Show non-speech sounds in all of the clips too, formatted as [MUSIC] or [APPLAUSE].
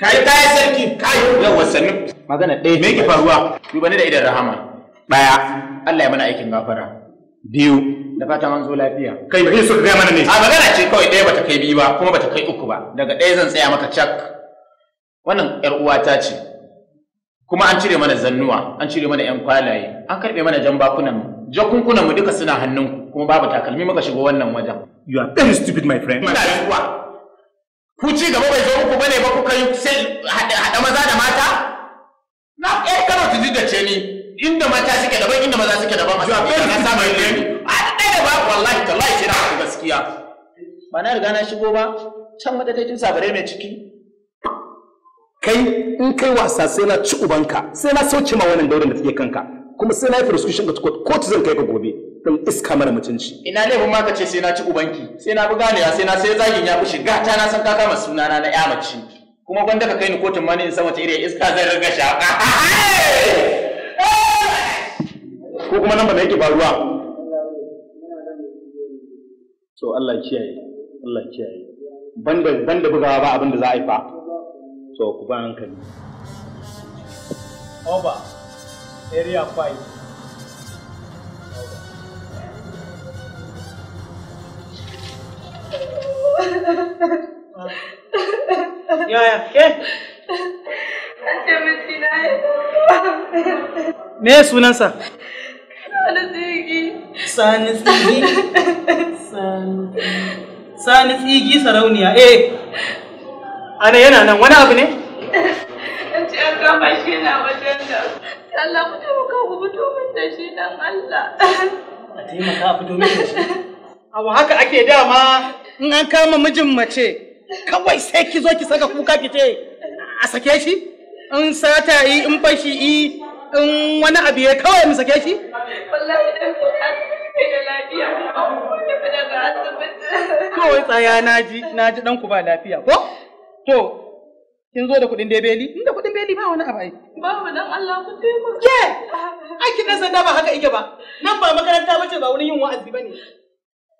kai kai sarki kai yawa wasannin magana ɗaya me yake faruwa duba ni da idan rahama ɗaya Allah ya mana aikin gafara biyu da fatan an zo lafiya kai ba su gaya mana ne a magana ce kawai ɗaya bata kai biyu ba kuma bata kai uku ba daga ɗaya zan tsaya maka cak wannan ƴar uwata ce kuma an cire mana zannuwa an cire mana 'yan kwalaye an karɓe mana jan bakunan mu jakunkunan mu duka suna hannunku kuma babu takalmi muka shigo wannan wajen you are very stupid my friend ina da ku ci gaba bai zo muku bane ba kuka yi sai haɗa maza da mata na ƴar karo ta da ce ni inda mata suke da ban, inda maza suke da masu abin na samu yi ne a ɗaya ba wallahi tallahi sai na ku gaskiya ba na riga na shigo ba can mata ta madadajin bare mai ciki kai in kai wasa sai na ci ubanka sai na sauke ma wannan daurin da take kanka kuma sai na yi prescription ga kotu zan kai ka gobe ɗan iska mara mutunci. Ina ne kuma ka ce sai na ci ubanki, sai na bi ganewa sai na sai zagin ya fushi gata na san ka kama sunana na ya mace. Kuma gwanda ka kai ni kotun ma ne in san wace irin iska zai riga shaka. Ko kuma nan ba na yake faruwa. To Allah kiyaye, Allah kiyaye. Banda banda bugawa ba abin da za a yi fa. To ku ba hankali. Oba, area 5. Yaya ke? Ake miki sunansa? Sani tsigi. Sani tsigi. Sani tsigi sarauniya. Eh. Ana yana nan wani abu ne? An ce an kama shi yana wajen da. Allah ku taimaka shi dan Allah. A taimaka a fito ake dama in an kama mijin mace kawai sai ki zo ki saka kuka ki ce a sake shi in sata yi in fashi yi in wani abu ya kawai mu sake shi [LAUGHS] kawai tsaya na ji na ji ɗanku ba lafiya ko to kin zo da kuɗin dai beli in da kuɗin beli ba wani abu ai ba mu dan Allah ku taimaka ke ai ki dan ba haka yake ba nan ba makaranta bace ba wurin yin wa'azi bane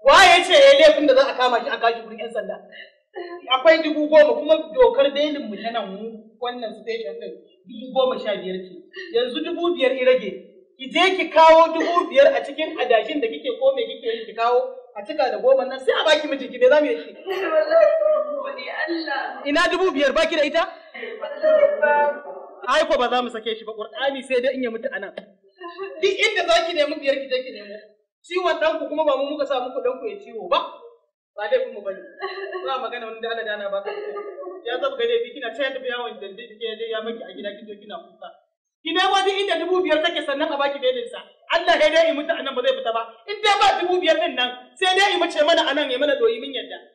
waye ce ya eh, laifin kama shi a kashi gurin yan sanda akwai dubu goma kuma dokar belin mu na nan wannan station din dubu goma sha biyar ce yanzu dubu biyar i rage ki je ki kawo dubu biyar a cikin adashin da kike ko me kike yi ki kawo a cika da goma nan sai a baki mijinki me za mu yi shi ina dubu biyar baki da ita ai ko ba za mu sake shi ba qur'ani sai dai in ya mutu anan duk inda zaki nemi biyar ki je ki nemo ciwon ɗanku kuma ba mu muka sa muku ɗanku ya ciwo ba ba laifin mu bane ba magana wani da Allah dana ba ka ya zaba ga laifi kina tayar da yawon dande kike ya baki a gida kizo kina kuka ki nemo inda dubu biyar take sannan a baki belin sa Allah sai dai yi mutu anan ba zai fita ba in dai ba dubu biyar din nan sai dai yi mace mana anan ya mana doyi min yadda